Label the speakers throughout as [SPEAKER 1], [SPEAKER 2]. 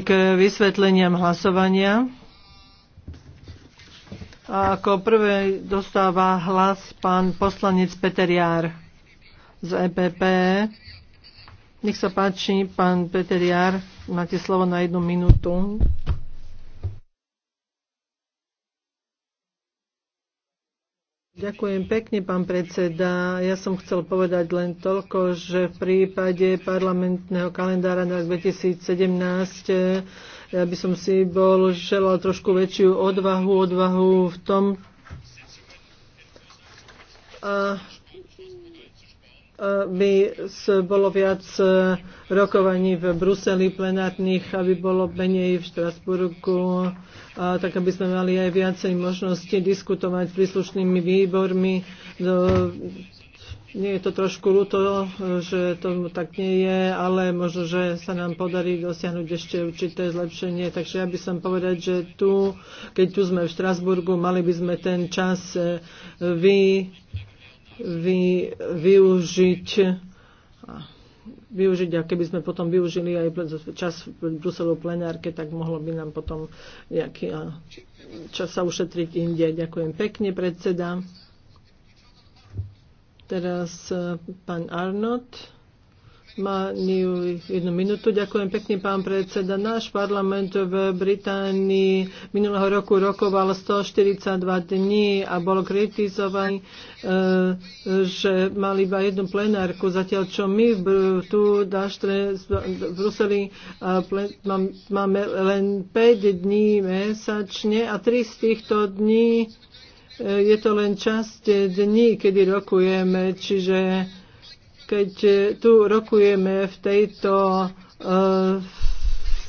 [SPEAKER 1] k vysvetleniam hlasovania. A ako prvé dostáva hlas pán poslanec Peter Jár z EPP. Nech sa páči, pán Peter Jár, máte slovo na jednu minútu. Ďakujem pekne, pán predseda. Ja som chcel povedať len toľko, že v prípade parlamentného kalendára na 2017 eh, ja by som si bol želal trošku väčšiu odvahu, odvahu v tom, a by bolo viac e, rokovaní v Bruseli plenárnych, aby bolo menej v Štrasburgu, tak aby sme mali aj viacej možnosti diskutovať s príslušnými výbormi. No, nie je to trošku ľúto, že to tak nie je, ale možno, že sa nám podarí dosiahnuť ešte určité zlepšenie. Takže ja by som povedať, že tu, keď tu sme v Štrasburgu, mali by sme ten čas e, vy vy, využiť využiť a keby sme potom využili aj čas v Bruselu plenárke, tak mohlo by nám potom nejaký čas sa ušetriť inde. Ďakujem pekne, predseda. Teraz e, pán Arnott. Má jednu minútu. Ďakujem pekne, pán predseda. Náš parlament v Británii minulého roku rokoval 142 dní a bol kritizovaný, eh, že mal iba jednu plenárku, zatiaľ čo my tu v Bruseli máme len 5 dní mesačne a 3 z týchto dní eh, je to len časť dní, kedy rokujeme, čiže keď tu rokujeme v tejto uh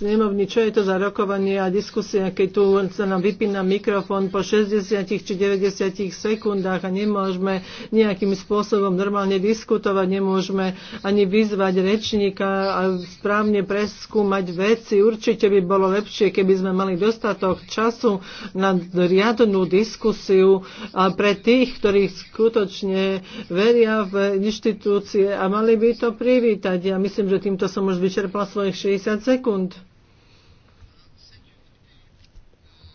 [SPEAKER 1] snemovni, čo je to za rokovanie a diskusia, keď tu sa nám vypína mikrofón po 60 či 90 sekundách a nemôžeme nejakým spôsobom normálne diskutovať, nemôžeme ani vyzvať rečníka a správne preskúmať veci. Určite by bolo lepšie, keby sme mali dostatok času na riadnú diskusiu a pre tých, ktorí skutočne veria v inštitúcie a mali by to privítať. Ja myslím, že týmto som už vyčerpala svojich 60 sekúnd.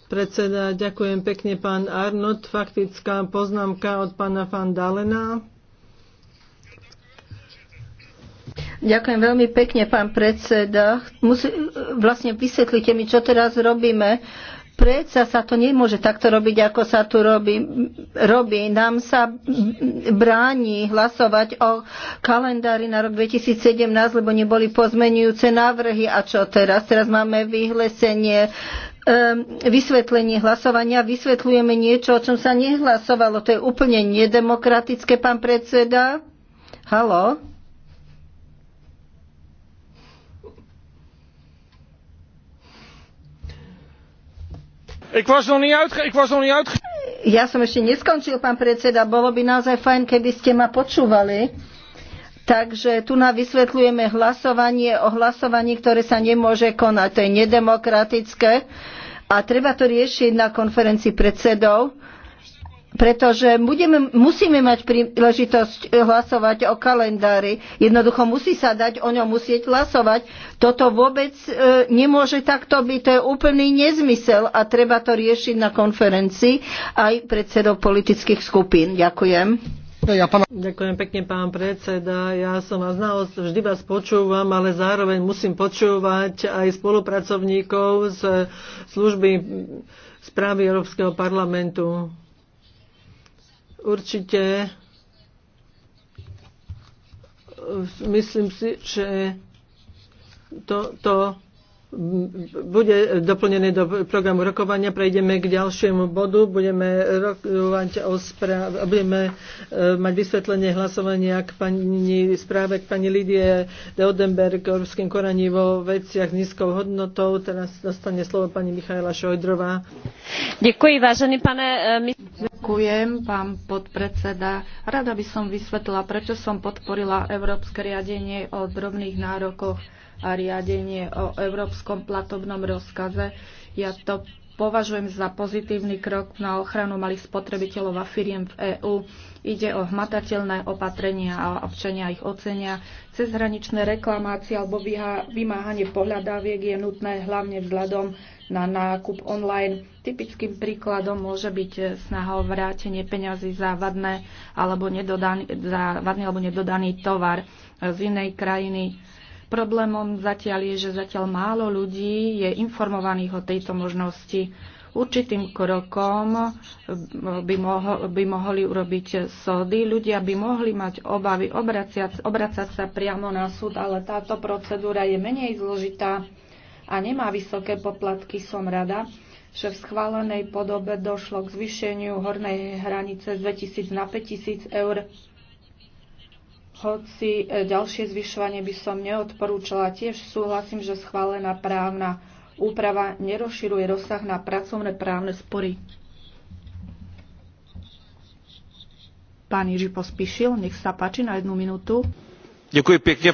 [SPEAKER 1] Predseda, ďakujem pekne, pán Arnott. Faktická poznámka od pána Van Dalena.
[SPEAKER 2] Ďakujem veľmi pekne, pán predseda. Musi, vlastne vysvetlite mi, čo teraz robíme. Predsa sa to nemôže takto robiť, ako sa tu robí. robí. Nám sa bráni hlasovať o kalendári na rok 2017, lebo neboli pozmenujúce návrhy. A čo teraz? Teraz máme vyhlesenie Ehm, vysvetlenie hlasovania. Vysvetľujeme niečo, o čom sa nehlasovalo. To je úplne nedemokratické, pán predseda. Halo? Ja som ešte neskončil, pán predseda. Bolo by naozaj fajn, keby ste ma počúvali. Takže tu nám vysvetľujeme hlasovanie o hlasovaní, ktoré sa nemôže konať. To je nedemokratické a treba to riešiť na konferencii predsedov, pretože budeme, musíme mať príležitosť hlasovať o kalendári. Jednoducho musí sa dať o ňom musieť hlasovať. Toto vôbec e, nemôže takto byť. To je úplný nezmysel a treba to riešiť na konferencii aj predsedov politických skupín. Ďakujem.
[SPEAKER 1] Ďakujem pekne, pán predseda. Ja som vás naozaj vždy vás počúvam, ale zároveň musím počúvať aj spolupracovníkov z služby správy Európskeho parlamentu. Určite myslím si, že to, to bude doplnené do programu rokovania. Prejdeme k ďalšiemu bodu. Budeme, rokovať o správ- budeme e, mať vysvetlenie hlasovania k pani správe k pani Lidie Deodenberg o ruským koraní vo veciach s nízkou hodnotou. Teraz dostane slovo pani Michaela Šojdrová.
[SPEAKER 3] Ďakujem, vážený pane. E, Ďakujem, pán podpredseda. Rada by som vysvetlila, prečo som podporila európske riadenie o drobných nárokoch a riadenie o európskom platobnom rozkaze. Ja to považujem za pozitívny krok na ochranu malých spotrebiteľov a firiem v EÚ. Ide o hmatateľné opatrenia a občania ich ocenia. Cezhraničné reklamácie alebo vymáhanie pohľadáviek je nutné hlavne vzhľadom na nákup online. Typickým príkladom môže byť snaha o vrátenie peňazí za vadné alebo nedodaný, za vadný alebo nedodaný tovar z inej krajiny Problémom zatiaľ je, že zatiaľ málo ľudí je informovaných o tejto možnosti. Určitým krokom by, moho, by mohli urobiť sody. Ľudia by mohli mať obavy obracať, obracať sa priamo na súd, ale táto procedúra je menej zložitá a nemá vysoké poplatky. Som rada, že v schválenej podobe došlo k zvýšeniu hornej hranice z 2000 na 5000 eur hoci e, ďalšie zvyšovanie by som neodporúčala. Tiež súhlasím, že schválená právna úprava nerozširuje rozsah na pracovné právne spory. Pán Jiži pospíšil, nech sa páči na jednu minútu. Ďakujem,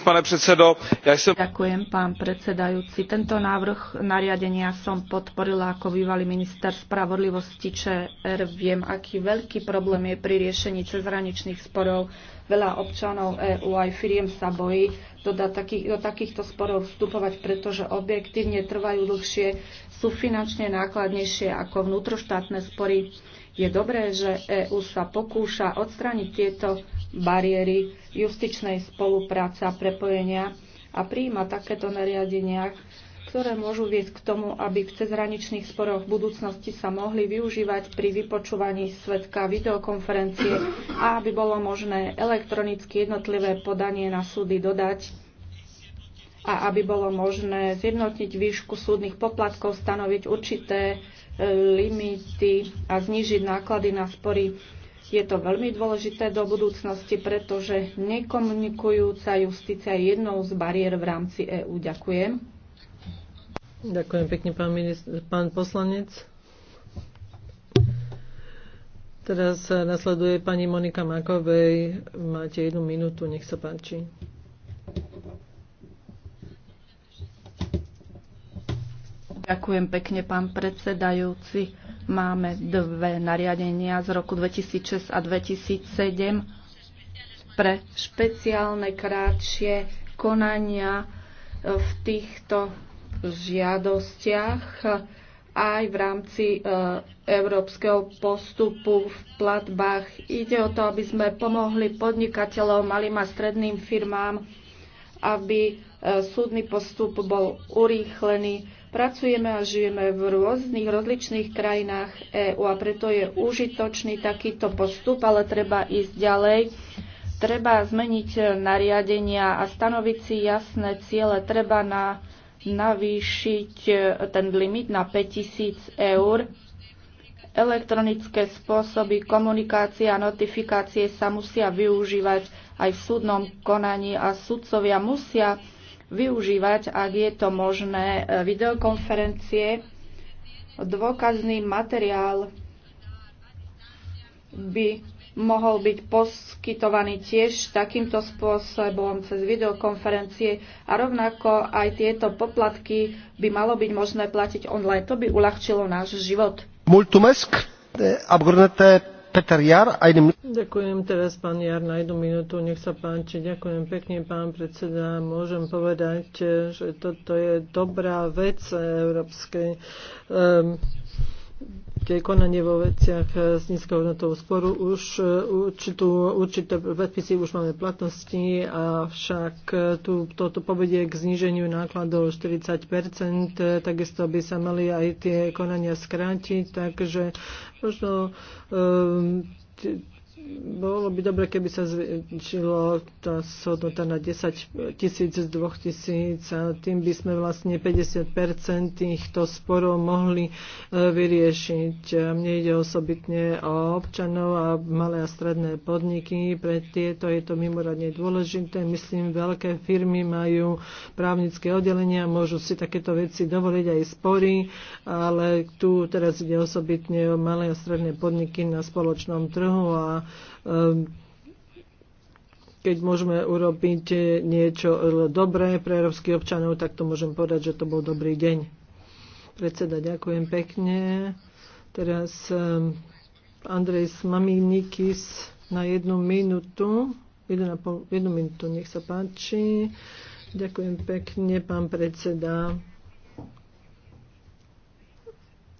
[SPEAKER 3] pán predsedajúci. Tento návrh nariadenia som podporila ako bývalý minister spravodlivosti ČR. Viem, aký veľký problém je pri riešení cezhraničných sporov. Veľa občanov EÚ aj firiem sa bojí do, do takýchto sporov vstupovať, pretože objektívne trvajú dlhšie, sú finančne nákladnejšie ako vnútroštátne spory. Je dobré, že EÚ sa pokúša odstrániť tieto bariéry justičnej spolupráce a prepojenia a prijíma takéto nariadenia, ktoré môžu viesť k tomu, aby v cezhraničných sporoch v budúcnosti sa mohli využívať pri vypočúvaní svetka videokonferencie a aby bolo možné elektronicky jednotlivé podanie na súdy dodať a aby bolo možné zjednotiť výšku súdnych poplatkov, stanoviť určité e, limity a znižiť náklady na spory je to veľmi dôležité do budúcnosti, pretože nekomunikujúca justícia je jednou z bariér v rámci EÚ. Ďakujem.
[SPEAKER 1] Ďakujem pekne, pán, minister, pán poslanec. Teraz nasleduje pani Monika Makovej. Máte jednu minútu, nech sa páči.
[SPEAKER 3] Ďakujem pekne, pán predsedajúci. Máme dve nariadenia z roku 2006 a 2007 pre špeciálne krátšie konania eh, v týchto žiadostiach aj v rámci eh, európskeho postupu v platbách. Ide o to, aby sme pomohli podnikateľom, malým a stredným firmám, aby eh, súdny postup bol urýchlený Pracujeme a žijeme v rôznych rozličných krajinách EÚ a preto je užitočný takýto postup, ale treba ísť ďalej. Treba zmeniť nariadenia a stanoviť si jasné ciele. Treba na, navýšiť e, ten limit na 5000 eur. Elektronické spôsoby komunikácie a notifikácie sa musia využívať aj v súdnom konaní a sudcovia musia využívať, ak je to možné, e, videokonferencie. Dôkazný materiál by mohol byť poskytovaný tiež takýmto spôsobom cez videokonferencie a rovnako aj tieto poplatky by malo byť možné
[SPEAKER 1] platiť online. To by uľahčilo náš život. Multumesk, e, Abgurnete Peter Jar, Ďakujem teraz, pán Jar, na jednu minútu. Nech sa páči. Ďakujem pekne, pán predseda. Môžem povedať, že toto je dobrá vec Európskej um, konanie vo veciach e, s nízkou hodnotou sporu už e, určitú, určité predpisy už máme platnosti, avšak e, tu, toto povedie k zníženiu nákladov 40 takisto by sa mali aj tie konania skrátiť, takže možno um, bolo by dobre, keby sa zvýšilo tá sodnota na 10 tisíc z 2 tisíc a tým by sme vlastne 50% týchto sporov mohli e, vyriešiť. Mne ide osobitne o občanov a malé a stredné podniky. Pre tieto je to mimoriadne dôležité. Myslím, veľké firmy majú právnické oddelenia, môžu si takéto veci dovoliť aj spory, ale tu teraz ide osobitne o malé a stredné podniky na spoločnom trhu a Ehm, keď môžeme urobiť niečo dobré pre európskych občanov, tak to môžem povedať, že to bol dobrý deň. Predseda, ďakujem pekne. Teraz ehm, Andrej Maminikis na jednu minútu. Jednu minútu, nech sa páči. Ďakujem pekne, pán predseda.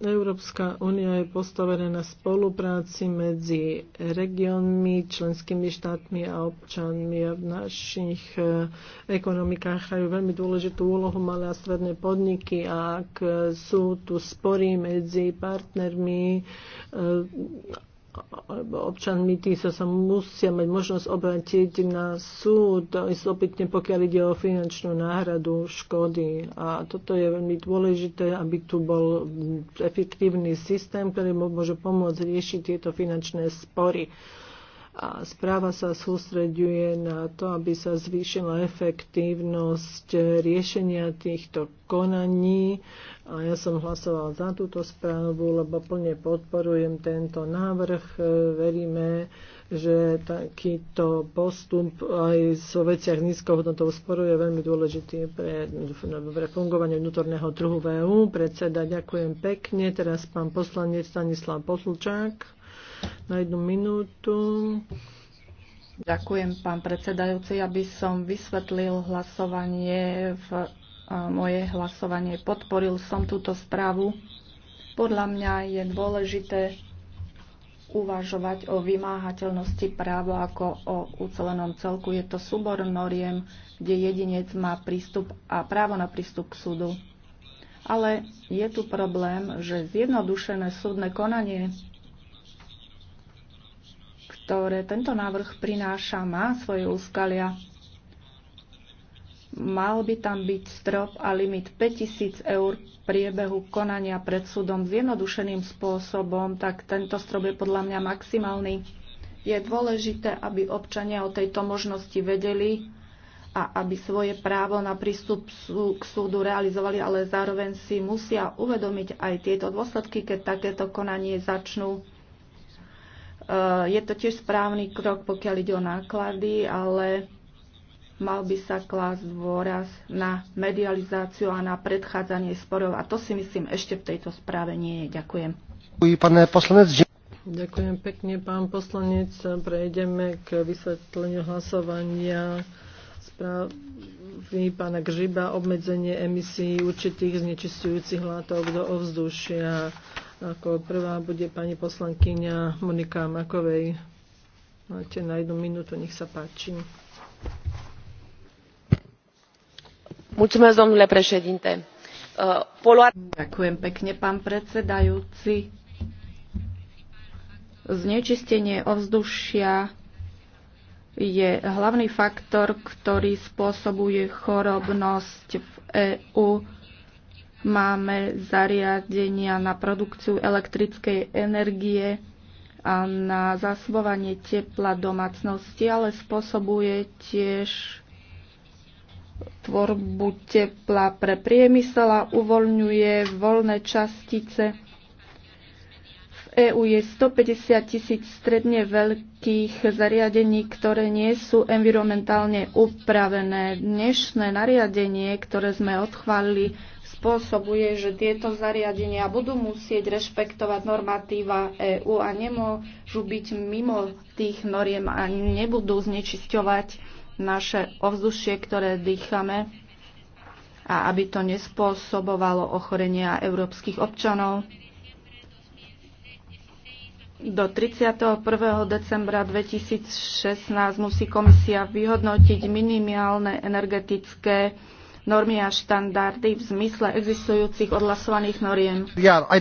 [SPEAKER 1] Európska únia je postavená na spolupráci medzi regiónmi, členskými štátmi a občanmi. A v našich eh, ekonomikách majú veľmi dôležitú úlohu malé a stredné podniky. A ak sú tu spory medzi partnermi, eh, alebo občanmi, tí sa, sa musia mať možnosť obrátiť na súd, istopitne pokiaľ ide o finančnú náhradu škody. A toto je veľmi dôležité, aby tu bol efektívny systém, ktorý môže pomôcť riešiť tieto finančné spory a správa sa sústreďuje na to, aby sa zvýšila efektívnosť riešenia týchto konaní. A ja som hlasoval za túto správu, lebo plne podporujem tento návrh. Veríme, že takýto postup aj v veciach nízkohodnotov sporu je veľmi dôležitý pre, pre fungovanie vnútorného trhu VÚ. E Predseda, ďakujem pekne. Teraz pán poslanec Stanislav Potlčák na jednu minútu. Ďakujem, pán predsedajúci. Aby som
[SPEAKER 3] vysvetlil hlasovanie, v, moje hlasovanie podporil som túto správu. Podľa mňa je dôležité uvažovať o vymáhateľnosti práva ako o ucelenom celku. Je to súbor noriem, kde jedinec má prístup a právo na prístup k súdu. Ale je tu problém, že zjednodušené súdne konanie ktoré tento návrh prináša, má svoje úskalia. Mal by tam byť strop a limit 5000 eur priebehu konania pred súdom zjednodušeným spôsobom, tak tento strop je podľa mňa maximálny. Je dôležité, aby občania o tejto možnosti vedeli a aby svoje právo na prístup k súdu realizovali, ale zároveň si musia uvedomiť aj tieto dôsledky, keď takéto konanie začnú Eh, je to tiež správny krok, pokiaľ ide o náklady, ale mal by sa klásť dôraz na medializáciu a na predchádzanie sporov. A to si
[SPEAKER 1] myslím ešte v tejto správe nie je. Ďakujem. Ďakujem pekne, pán poslanec. Prejdeme k vysvetleniu hlasovania správy pána Gžiba obmedzenie emisí určitých znečistujúcich látok do ovzdušia. Ako prvá bude pani poslankyňa Monika Makovej. Máte na jednu minútu, nech sa páči. Mulțumesc, domnule președinte. Uh,
[SPEAKER 3] Ďakujem pekne, pán predsedajúci. Znečistenie ovzdušia je hlavný faktor, ktorý spôsobuje chorobnosť v EÚ Máme zariadenia na produkciu elektrickej energie a na zasobovanie tepla domácnosti, ale spôsobuje tiež tvorbu tepla pre priemysel a uvoľňuje voľné častice. V EÚ je 150 tisíc stredne veľkých zariadení, ktoré nie sú environmentálne upravené. Dnešné nariadenie, ktoré sme odchválili, spôsobuje, že tieto zariadenia budú musieť rešpektovať normatíva EÚ a nemôžu byť mimo tých noriem a nebudú znečisťovať naše ovzdušie, ktoré dýchame a aby to nespôsobovalo ochorenia európskych občanov. Do 31. decembra 2016 musí komisia vyhodnotiť minimálne energetické normy a štandardy v zmysle existujúcich odhlasovaných
[SPEAKER 1] noriem. Ja, aj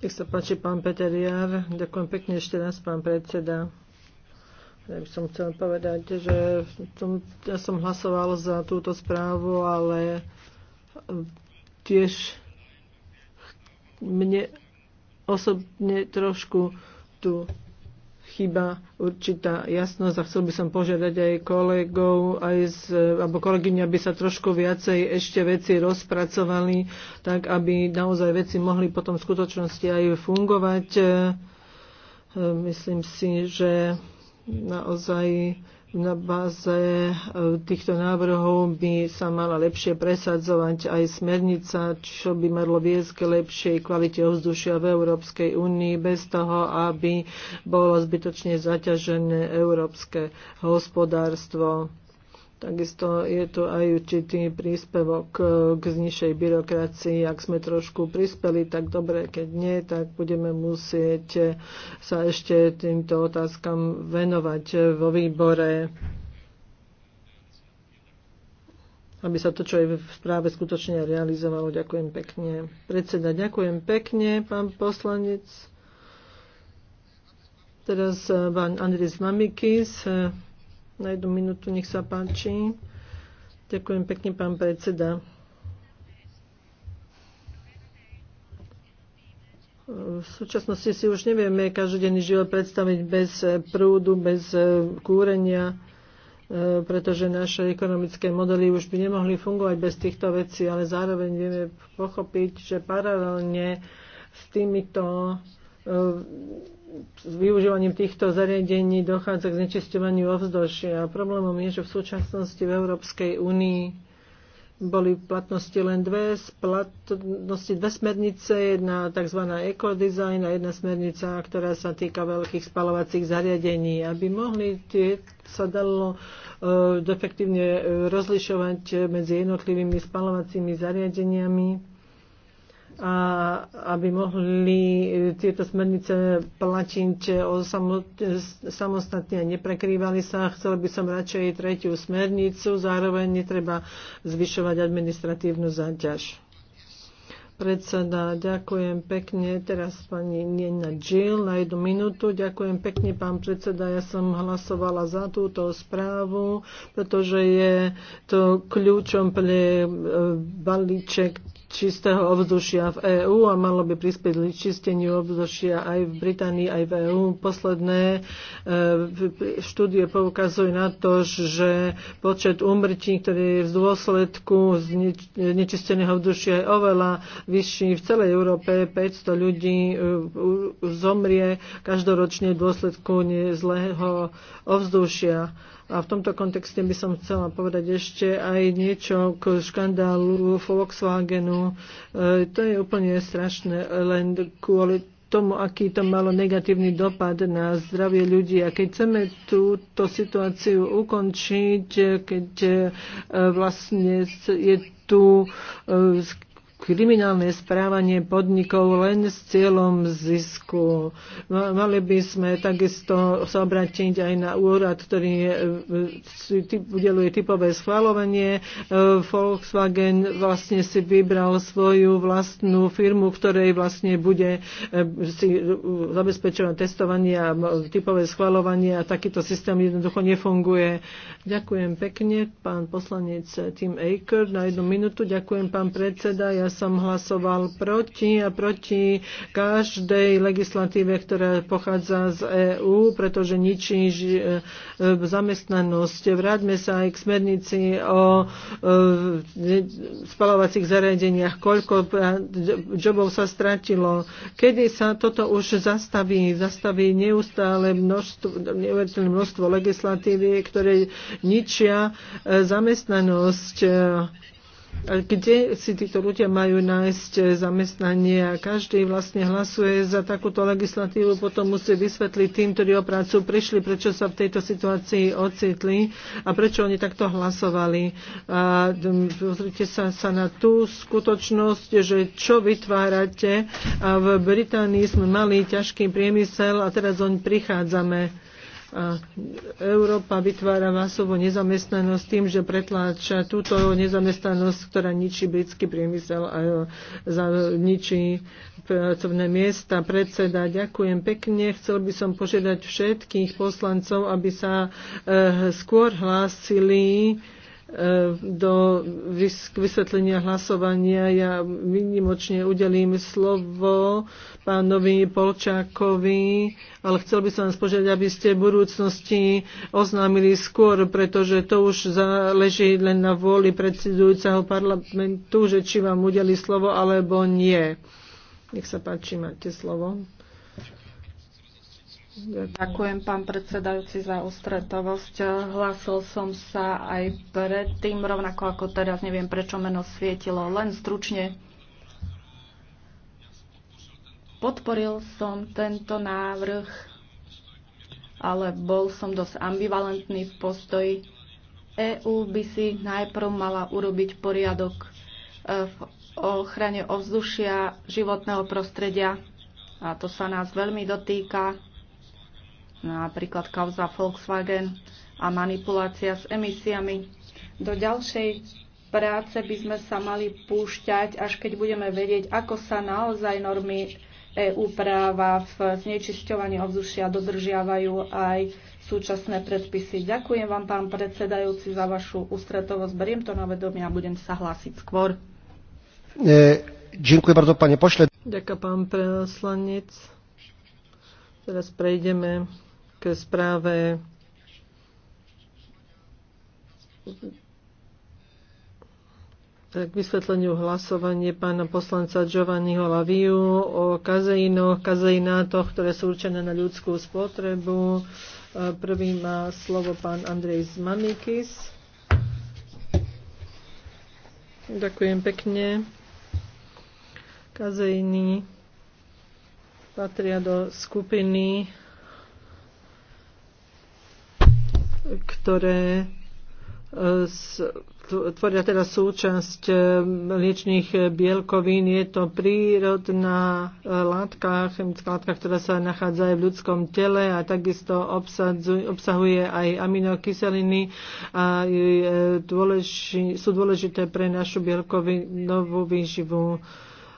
[SPEAKER 1] Nech sa páči, pán Peter Jar. Ďakujem pekne ešte raz, pán predseda. Ja by som chcel povedať, že som, ja som hlasoval za túto správu, ale ehm, tiež mne osobne trošku tu Chyba určitá jasnosť a chcel by som požiadať aj kolegov, aj z, alebo kolegyňa by sa trošku viacej ešte veci rozpracovali, tak aby naozaj veci mohli potom v skutočnosti aj fungovať. Ehm, myslím si, že naozaj na báze e, týchto návrhov by sa mala lepšie presadzovať aj smernica, čo by malo viesť k lepšej kvalite ovzdušia v Európskej únii bez toho, aby bolo zbytočne zaťažené európske hospodárstvo. Takisto je tu aj určitý príspevok eh, k znišej byrokracii. Ak sme trošku prispeli, tak dobre, keď nie, tak budeme musieť eh, sa ešte týmto otázkam venovať eh, vo výbore aby sa to, čo je v správe, skutočne realizovalo. Ďakujem pekne. Predseda, ďakujem pekne, pán poslanec. Teraz pán Andris Mamikis. Na jednu minútu, nech sa páči. Ďakujem pekne, pán predseda. V súčasnosti si už nevieme každodenný život predstaviť bez prúdu, bez eh, kúrenia, eh, pretože naše ekonomické modely už by nemohli fungovať bez týchto vecí, ale zároveň vieme pochopiť, že paralelne s týmito eh, s využívaním týchto zariadení dochádza k znečisťovaniu ovzdušia. A problémom je, že v súčasnosti v Európskej únii boli v platnosti len dve, platnosti dve smernice, jedna tzv. ekodizajn a jedna smernica, ktorá sa týka veľkých spalovacích zariadení. Aby mohli tie, sa dalo uh, e, defektívne e, rozlišovať medzi jednotlivými spalovacími zariadeniami, a aby mohli tieto smernice platiť samostatne a neprekrývali sa. Chcel by som radšej tretiu smernicu, zároveň netreba zvyšovať administratívnu záťaž. Predseda, ďakujem pekne. Teraz pani Nina Jill na jednu minútu. Ďakujem pekne, pán predseda. Ja som hlasovala za túto správu, pretože je to kľúčom pre balíček čistého ovzdušia v EÚ a malo by prispieť k čisteniu ovzdušia aj v Británii, aj v EÚ. Posledné e, štúdie poukazujú na to, že počet úmrtí, ktorý je v dôsledku nečisteného ovzdušia je oveľa vyšší. V celej Európe 500 ľudí e, zomrie každoročne v dôsledku zlého ovzdušia. A v tomto kontexte by som chcela povedať ešte aj niečo k škandálu Volkswagenu. E, to je úplne strašné, len kvôli tomu, aký to malo negatívny dopad na zdravie ľudí. A keď chceme túto situáciu ukončiť, keď e, vlastne je tu e, kriminálne správanie podnikov len s cieľom zisku. Mali by sme takisto sa obrátiť aj na úrad, ktorý e, e, udeluje typové schválovanie. E, Volkswagen vlastne si vybral svoju vlastnú firmu, ktorej vlastne bude si zabezpečovať testovanie a typové schválovanie a takýto systém jednoducho nefunguje. Ďakujem pekne, pán poslanec Tim Aker, na jednu minútu. Ďakujem, pán predseda. Ja som hlasoval proti a proti každej legislatíve, ktorá pochádza z EÚ, pretože ničí e, zamestnanosť. Vráťme sa aj k smernici o e, spalovacích zariadeniach, koľko jobov sa stratilo. Kedy sa toto už zastaví? Zastaví neustále množstvo, množstvo legislatívy, ktoré ničia e, zamestnanosť kde si títo ľudia majú nájsť zamestnanie a každý vlastne hlasuje za takúto legislatívu, potom musí vysvetliť tým, ktorí o prácu prišli, prečo sa v tejto situácii ocitli a prečo oni takto hlasovali. A pozrite sa, sa na tú skutočnosť, že čo vytvárate a v Británii sme mali ťažký priemysel a teraz oň prichádzame a Európa vytvára masovú nezamestnanosť tým, že pretláča túto nezamestnanosť, ktorá ničí britský priemysel a e, ničí pracovné miesta. Predseda, ďakujem pekne. Chcel by som požiadať všetkých poslancov, aby sa e, skôr hlásili E, do vysvetlenia hlasovania ja minimočne udelím slovo pánovi Polčákovi, ale chcel by som vás požiadať, aby ste v budúcnosti oznámili skôr, pretože to už záleží len na vôli predsedujúceho parlamentu, že či vám udeli slovo alebo nie. Nech sa páči, máte slovo.
[SPEAKER 3] Ďakujem, pán predsedajúci, za ústretovosť. Hlásil som sa aj predtým, rovnako ako teraz, neviem prečo meno svietilo, len stručne. Podporil som tento návrh, ale bol som dosť ambivalentný v postoji. EÚ by si najprv mala urobiť poriadok e, v ochrane ovzdušia životného prostredia a to sa nás veľmi dotýka napríklad kauza Volkswagen a manipulácia s emisiami. Do ďalšej práce by sme sa mali púšťať, až keď budeme vedieť, ako sa naozaj normy EU práva v znečisťovaní ovzdušia dodržiavajú aj súčasné predpisy. Ďakujem vám, pán predsedajúci, za vašu
[SPEAKER 1] ústretovosť. Beriem to na vedomie a budem sa hlásiť skôr.
[SPEAKER 3] E, ďakujem bardzo, pani pošle.
[SPEAKER 1] Ďakujem, pán preslanec. Teraz prejdeme k správe k vysvetleniu hlasovanie pána poslanca Giovanniho Laviu o kazeínoch, kazeinátoch, ktoré sú určené na ľudskú spotrebu. E, prvý má slovo pán Andrej Zmanikis. Ďakujem pekne. Kazejní. patria do skupiny ktoré e, tvoria teda súčasť e, mliečných bielkovín. Je to prírodná e, látka, chemická látka, ktorá sa nachádza aj v ľudskom tele a takisto obsahuje aj aminokyseliny a dôleži, sú dôležité pre našu bielkovinovú výživu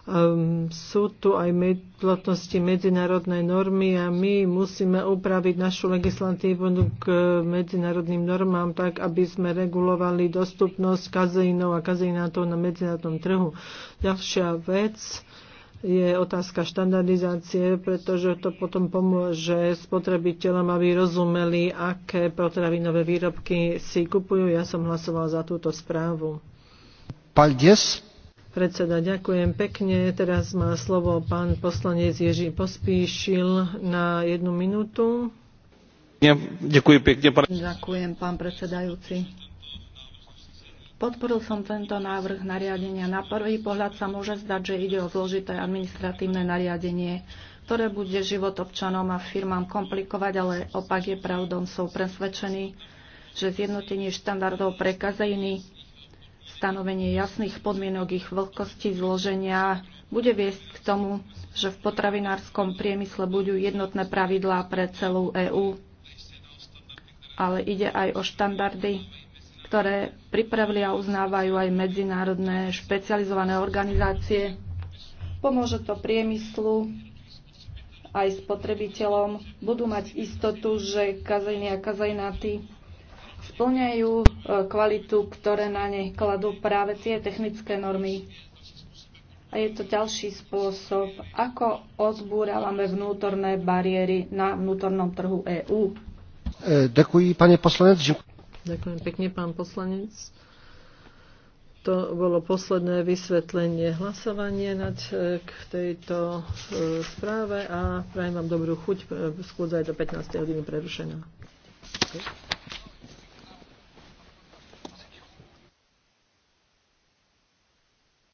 [SPEAKER 1] um, sú tu aj med, platnosti medzinárodnej normy a my musíme upraviť našu legislatívu k medzinárodným normám tak, aby sme regulovali dostupnosť kazeinov a kazeinátov na medzinárodnom trhu. Ďalšia vec je otázka štandardizácie, pretože to potom pomôže spotrebiteľom, aby rozumeli, aké potravinové výrobky si kupujú. Ja som hlasoval za túto správu.
[SPEAKER 3] Paldies
[SPEAKER 1] Predseda, ďakujem pekne. Teraz má slovo pán poslanec Ježí Pospíšil na jednu minútu. Ďakujem pekne, pán... Ďakujem, pán predsedajúci.
[SPEAKER 3] Podporil som tento návrh nariadenia. Na prvý pohľad sa môže zdať, že ide o zložité administratívne nariadenie, ktoré bude život občanom a firmám komplikovať, ale opak je pravdom. Som presvedčený, že zjednotenie štandardov pre kazejny stanovenie jasných podmienok ich vlhkosti zloženia bude viesť k tomu, že v potravinárskom priemysle budú jednotné pravidlá pre celú EÚ. Ale ide aj o štandardy, ktoré pripravili a uznávajú aj medzinárodné špecializované organizácie. Pomôže to priemyslu, aj spotrebiteľom budú mať istotu, že kazejny a kazejnaty splňajú e, kvalitu, ktoré na ne kladú práve tie technické normy. A je to ďalší spôsob, ako odbúravame vnútorné bariéry na vnútornom trhu EÚ. E, ďakujem, pane poslanec.
[SPEAKER 1] Ďakujem pekne, pán poslanec. To bolo posledné vysvetlenie hlasovanie nad, e, k tejto správe a prajem vám dobrú chuť. Schôdza je do 15. hodiny prerušená. Okay.